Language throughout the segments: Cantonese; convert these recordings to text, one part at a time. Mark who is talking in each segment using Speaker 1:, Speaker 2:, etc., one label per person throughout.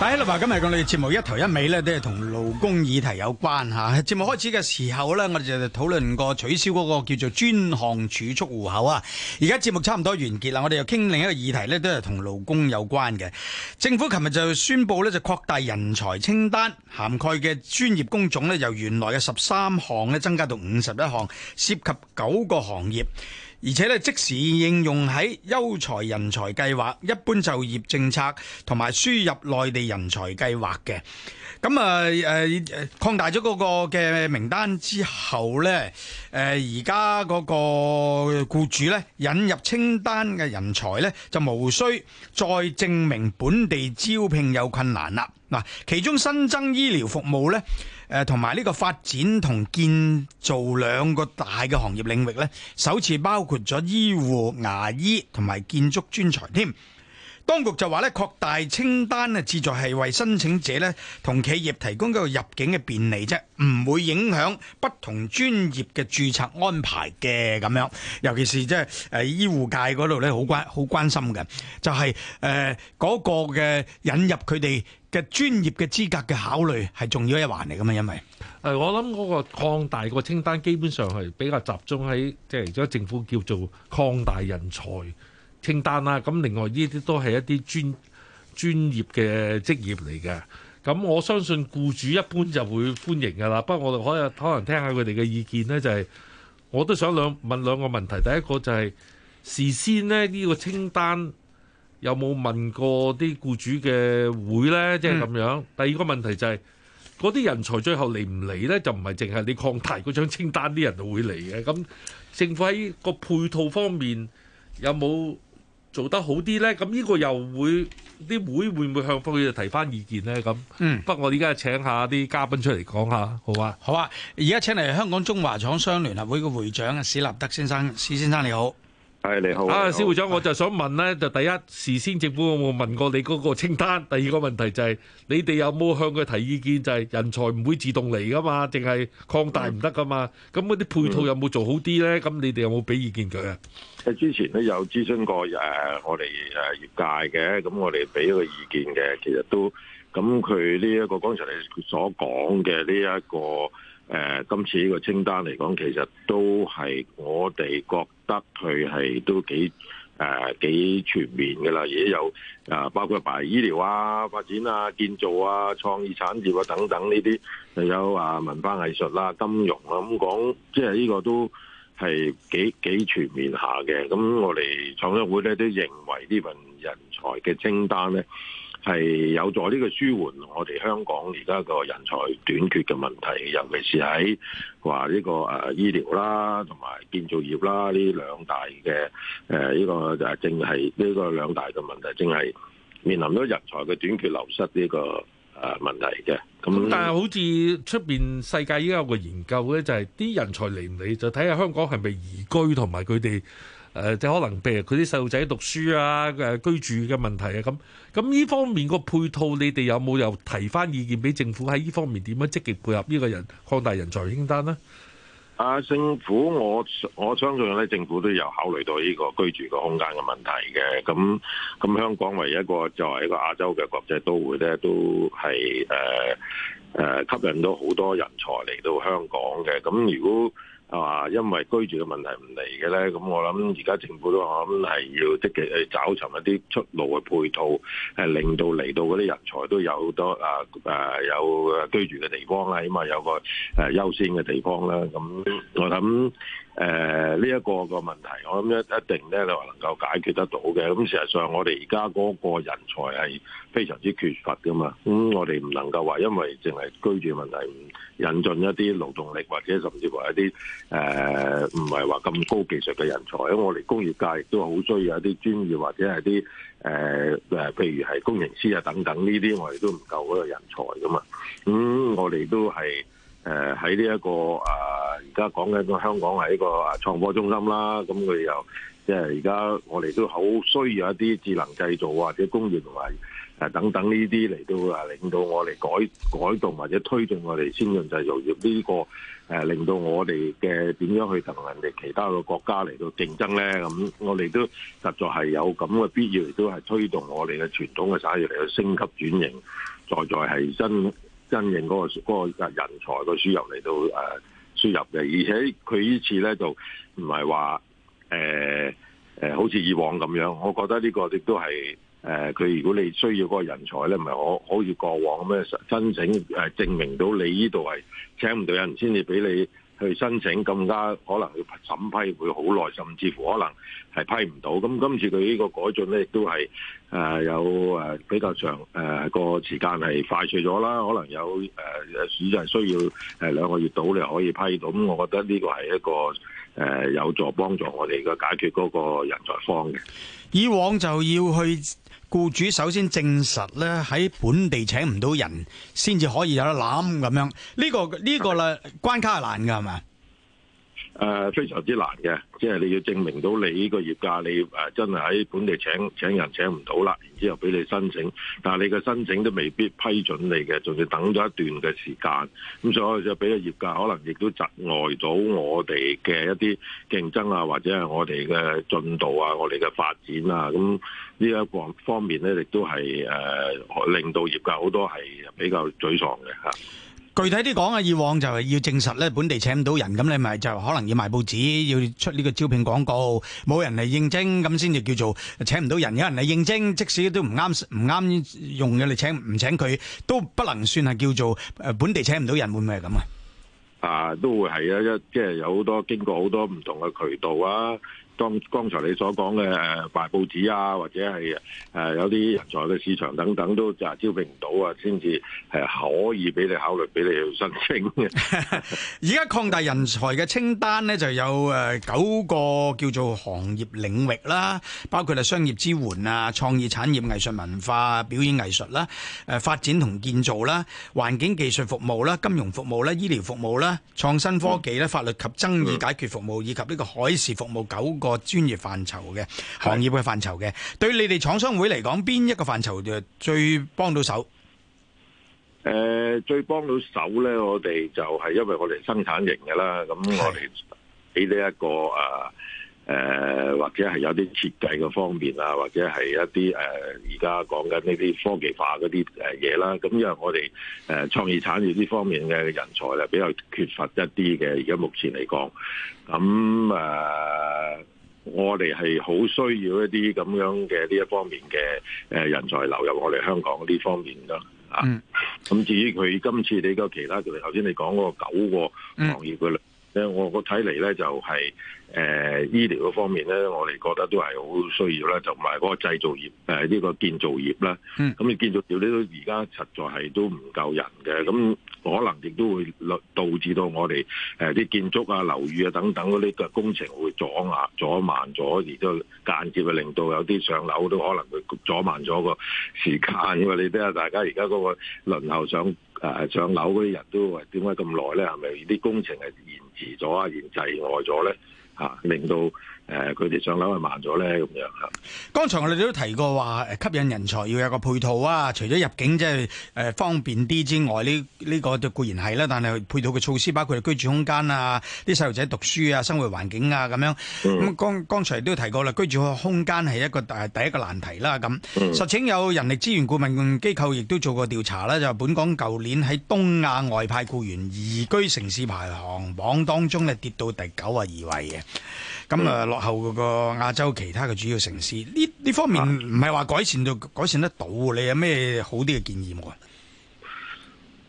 Speaker 1: 今日我哋節目一頭一尾呢都係同勞工議題有關吓。節目開始嘅時候呢，我哋就討論過取消嗰個叫做專項儲蓄戶口啊。而家節目差唔多完結啦，我哋又傾另一個議題呢，都係同勞工有關嘅。政府琴日就宣布呢，就擴大人才清單涵蓋嘅專業工種呢，由原來嘅十三項呢增加到五十一項，涉及九個行業。而且咧，即時應用喺優才人才計劃、一般就業政策同埋輸入內地人才計劃嘅。咁啊，誒擴大咗嗰個嘅名單之後呢，誒而家嗰個雇主呢，引入清單嘅人才呢，就無需再證明本地招聘有困難啦。嗱，其中新增醫療服務呢，誒同埋呢個發展同建造兩個大嘅行業領域呢，首次包括咗醫護、牙醫同埋建築專才添。當局就話咧擴大清單咧，旨在係為申請者咧同企業提供嗰個入境嘅便利啫，唔會影響不同專業嘅註冊安排嘅咁樣。尤其是即係誒醫護界嗰度咧，好關好關心嘅，就係誒嗰個嘅引入佢哋嘅專業嘅資格嘅考慮係重要一環嚟㗎嘛。因為誒，我諗
Speaker 2: 嗰個擴大個清單基本上係比較集中喺即係而家政府叫做擴大人才。清單啦，咁另外呢啲都係一啲專專業嘅職業嚟嘅，咁我相信僱主一般就會歡迎㗎啦。不過我哋可以可能聽下佢哋嘅意見呢，就係、是、我都想兩問兩個問題。第一個就係、是、事先咧呢、呢個清單有冇問過啲僱主嘅會呢？即係咁樣。嗯、第二個問題就係嗰啲人才最後嚟唔嚟呢，就唔係淨係你擴大嗰張清單啲人就會嚟嘅。咁政府喺個配套方面有冇？做得好啲呢？咁、這、呢個又會啲會會唔會向佢哋提翻意見呢？咁、嗯，不過我而家請下啲嘉賓出嚟講下，好啊，好啊！而家請嚟香港中華廠商聯合會嘅會長史立德先生，史先生你好，
Speaker 3: 係、哎、你好，你好啊，史會
Speaker 2: 長，我就想問呢，就、哎、第一事先政府有冇問過你嗰個清單？第二個問題就係、是、你哋有冇向佢提意見？就係、是、人才唔會自動嚟噶嘛，淨係擴大唔得噶嘛？咁嗰啲配套有冇做好啲呢？咁你哋有冇俾意見佢啊？嗯
Speaker 3: 之前咧有諮詢過誒、呃、我哋誒業界嘅，咁、嗯、我哋俾一個意見嘅，其實都咁佢呢一個剛才你所講嘅呢一個誒今次呢個清單嚟講，其實都係我哋覺得佢係都幾誒、呃、幾全面嘅啦，而有啊包括係醫療啊、發展啊、建造啊、創意產業啊等等呢啲，又有話、啊、文化藝術啦、啊、金融啊咁講，即係呢個都。係幾，幾全面下嘅，咁我哋廠商會咧都認為呢份人才嘅清單咧係有助呢個舒緩我哋香港而家個人才短缺嘅問題，尤其是喺話呢個誒醫療啦同埋建造業啦，呢兩大嘅誒呢個就係、係、正係呢、呢個兩大嘅問題，正係面臨咗人才嘅短缺流失呢、呢個。誒，問題嘅
Speaker 2: 咁，但係好似出邊世界依家有個研究呢就係、是、啲人才嚟唔嚟就睇下香港係咪宜居，同埋佢哋誒即可能譬如佢啲細路仔讀書啊，誒、呃、居住嘅問題啊，咁咁呢方面個配套，你哋有冇又提翻意見俾政府喺呢方面點樣積極配合呢個人擴大人才清單呢？
Speaker 3: 啊！政府我，我我相信咧，政府都有考慮到呢個居住個空間嘅問題嘅。咁咁，香港唯一一個作為一個亞洲嘅國際都會咧，都係誒誒吸引到好多人才嚟到香港嘅。咁如果係嘛、啊？因為居住嘅問題唔嚟嘅咧，咁、嗯、我諗而家政府都我諗係要積極去找尋一啲出路嘅配套，係令到嚟到嗰啲人才都有好多啊啊有居住嘅地方啦，起碼、嗯、啊有個誒、啊、優先嘅地方啦，咁、嗯、我諗。誒呢一個個問題，我諗一一定咧，你話能夠解決得到嘅。咁事實上，我哋而家嗰個人才係非常之缺乏噶嘛。咁、嗯、我哋唔能夠話，因為淨係居住問題唔引進一啲勞動力，或者甚至話一啲誒唔係話咁高技術嘅人才。因為我哋工業界亦都好需要一啲專業或者係啲誒誒，譬、呃、如係工程師啊等等呢啲、嗯，我哋都唔夠嗰個人才噶嘛。咁我哋都係。誒喺呢一個啊，而家講緊個香港係一個啊創科中心啦，咁、嗯、佢又即係而家我哋都好需要一啲智能製造或者工業同埋誒等等呢啲嚟到啊，令到我哋改改動或者推動我哋先進製造業呢、這個誒、呃，令到我哋嘅點樣去同人哋其他個國家嚟到競爭咧？咁、嗯、我哋都實在係有咁嘅必要，亦都係推動我哋嘅傳統嘅產業嚟到升級轉型，再在係新。真型嗰個嗰個人才嘅輸入嚟到誒輸入嘅，而且佢呢次咧就唔係話誒好似以往咁樣，我覺得呢個亦都係誒佢，如果你需要嗰個人才咧，唔係可可以過往咁樣申請誒證明到你呢度係請唔到人先至俾你。去申請更加可能要審批會好耐，甚至乎可能係批唔到。咁今次佢呢個改進咧，亦都係誒有誒比較長誒個、呃、時間係快脆咗啦。可能有市時間需要誒兩個月到你可以批到。咁我覺得呢個係一個誒、呃、有助幫助我哋嘅解決嗰個人才荒嘅。
Speaker 1: 以往就要去。僱主首先證實咧，喺本地請唔到人，先至可以有得諗咁樣。呢個呢個咧關卡係難㗎，係咪？
Speaker 3: 誒非常之難嘅，即係你要證明到你呢個業界你誒真係喺本地請請人請唔到啦，然之後俾你申請，但係你嘅申請都未必批准你嘅，仲要等咗一段嘅時間。咁所以就俾個業界可能亦都窒礙到我哋嘅一啲競爭啊，或者係我哋嘅進度啊，我哋嘅發展啊，咁呢一個方面咧，亦都係誒、呃、令到業界好多係比較沮喪嘅嚇。
Speaker 1: 具體啲講啊，以往就係要證實咧，本地請唔到人，咁你咪就可能要買報紙，要出呢個招聘廣告，冇人嚟應徵，咁先至叫做請唔到人。有人嚟應徵，即使都唔啱，唔啱用嘅嚟請，唔請佢都不能算係叫做誒本地請唔到人，會唔會係咁
Speaker 3: 啊？啊，都會係啊，一即係有好多經過好多唔同嘅渠道啊。剛剛才你所講嘅誒賣報紙啊，或者係誒有啲人才嘅市場等等，都就係招聘唔到啊，先至係可以俾你考慮，俾你去申請嘅。
Speaker 1: 而家擴大人才嘅清單咧，就有誒九個叫做行業領域啦，包括係商業支援啊、創意產業、藝術文化、表演藝術啦、誒發展同建造啦、環境技術服務啦、金融服務啦、醫療服務啦、創新科技啦、法律及爭議解決服務，以及呢個海事服務九個。個專業範疇嘅行業嘅範疇嘅，是對你哋廠商會嚟講，邊一個範疇就最幫到手？
Speaker 3: 誒、呃，最幫到手咧，我哋就係因為我哋生產型嘅啦，咁我哋喺呢一個啊誒、呃，或者係有啲設計嘅方面啊，或者係一啲誒而家講緊呢啲科技化嗰啲誒嘢啦。咁因為我哋誒創意產業呢方面嘅人才咧，比較缺乏一啲嘅。而家目前嚟講，咁誒。呃我哋係好需要一啲咁樣嘅呢一方面嘅誒人才流入我哋香港呢方面咯啊，咁至於佢今次你個其他條，頭先你講嗰九個行業嘅咧我我睇嚟咧就係、是、誒、呃、醫療方面咧，我哋覺得都係好需要咧，就唔係嗰個製造業誒呢、呃這個建造業啦。嗯，咁你建造業呢，都而家實在係都唔夠人嘅，咁可能亦都會導致到我哋誒啲建築啊、樓宇啊等等嗰啲嘅工程會阻壓、阻慢咗，而都間接去令到有啲上樓都可能會阻慢咗個時間，因為你睇下大家而家嗰個輪候上。誒上樓嗰啲人都點解咁耐咧？係咪啲工程係延遲咗啊，延滯耐咗咧？吓，令到。誒佢哋上樓係慢咗咧，咁
Speaker 1: 樣嚇。剛才我哋都提過話誒，吸引人才要有個配套啊。除咗入境即係誒方便啲之外，呢呢、呢個固然係啦。但係配套嘅措施，包括居住空間啊、啲細路仔讀書啊、生活環境啊咁樣。咁、嗯嗯、剛剛才都提過啦，居住空間係一個誒、呃、第一個難題啦。咁實情有人力資源顧問機構亦都做過調查啦。就本港舊年喺東亞外派雇員移居城市排行榜當中咧跌到第九啊二位嘅。咁啊，嗯、落後嗰個亞洲其他嘅主要城市，呢呢方面唔係話改善到、啊、改善得到，你有咩好啲嘅建議冇啊？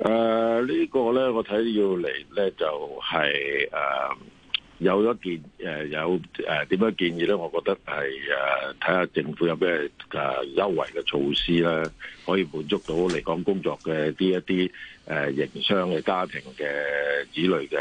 Speaker 3: 誒、呃，這個、呢個呢，我睇要嚟呢就係、是、誒。呃有一件誒有誒點樣建議咧？我覺得係誒睇下政府有咩誒優惠嘅措施咧，可以滿足到嚟港工作嘅啲一啲誒、呃、營商嘅家庭嘅子女嘅誒、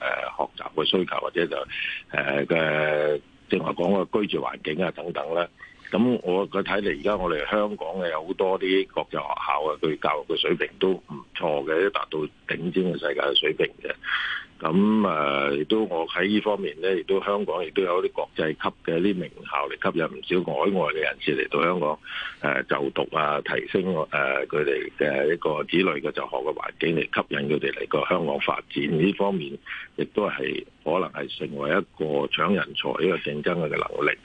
Speaker 3: 呃、學習嘅需求，或者就誒嘅正話講嘅居住環境啊等等啦。咁我嘅睇嚟，而家我哋香港嘅有好多啲國際學校啊，佢教育嘅水平都唔錯嘅，都達到頂尖嘅世界嘅水平嘅。咁誒亦都我喺呢方面咧，亦都香港亦都有啲國際級嘅啲名校，嚟吸引唔少海外嘅人士嚟到香港誒、呃、就讀啊，提升誒佢哋嘅一個子女嘅就學嘅環境嚟吸引佢哋嚟個香港發展呢方面，亦都係可能係成為一個搶人才呢個競爭嘅能力。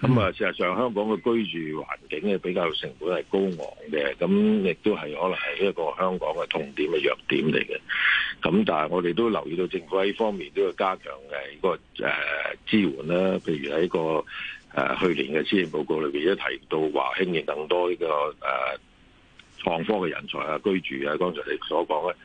Speaker 3: 咁啊，事實上香港嘅居住環境咧比較成本係高昂嘅，咁亦都係可能係一個香港嘅痛點嘅弱點嚟嘅。咁但係我哋都留意到政府喺呢方面都要加強嘅個誒支援啦、啊，譬如喺個誒去年嘅施政報告裏邊都提到話，興建更多呢個誒創科嘅人才啊居住啊，剛才你所講咧，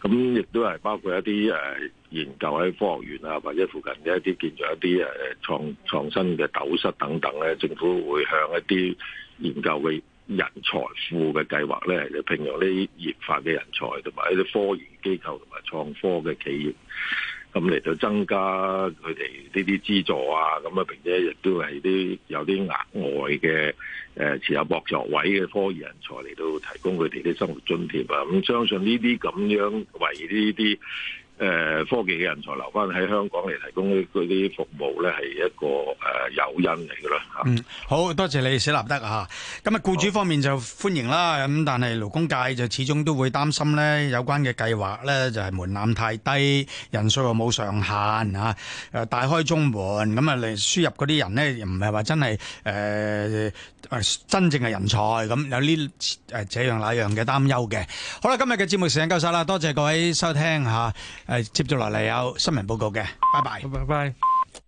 Speaker 3: 咁亦都係包括一啲誒研究喺科學園啊或者附近嘅一啲建咗一啲誒創創新嘅斗室等等咧，政府會向一啲研究嘅。人才庫嘅計劃咧，就聘用呢啲研發嘅人才，同埋一啲科研機構同埋創科嘅企業，咁、嗯、嚟到增加佢哋呢啲資助啊，咁、嗯、啊，並且亦都係啲有啲額外嘅誒、呃、持有博士位嘅科研人才嚟到提供佢哋啲生活津貼啊，咁、嗯、相信呢啲咁樣為呢啲。誒科技嘅人才留返喺香港嚟提供嗰嗰啲服務咧，係一個誒誘因嚟㗎
Speaker 1: 啦嚇。嗯，好多謝你，史立德嚇。咁啊，雇主方面就歡迎啦。咁但係勞工界就始終都會擔心咧，有關嘅計劃咧就係門檻太低，人數又冇上限嚇，誒大開中門。咁啊嚟輸入嗰啲人咧，又唔係話真係誒誒真正嘅人才。咁有呢誒這樣那樣嘅擔憂嘅。好啦，今日嘅節目時間夠曬啦，多謝各位收聽嚇。誒，接住落嚟有新聞報告嘅，拜拜，拜拜。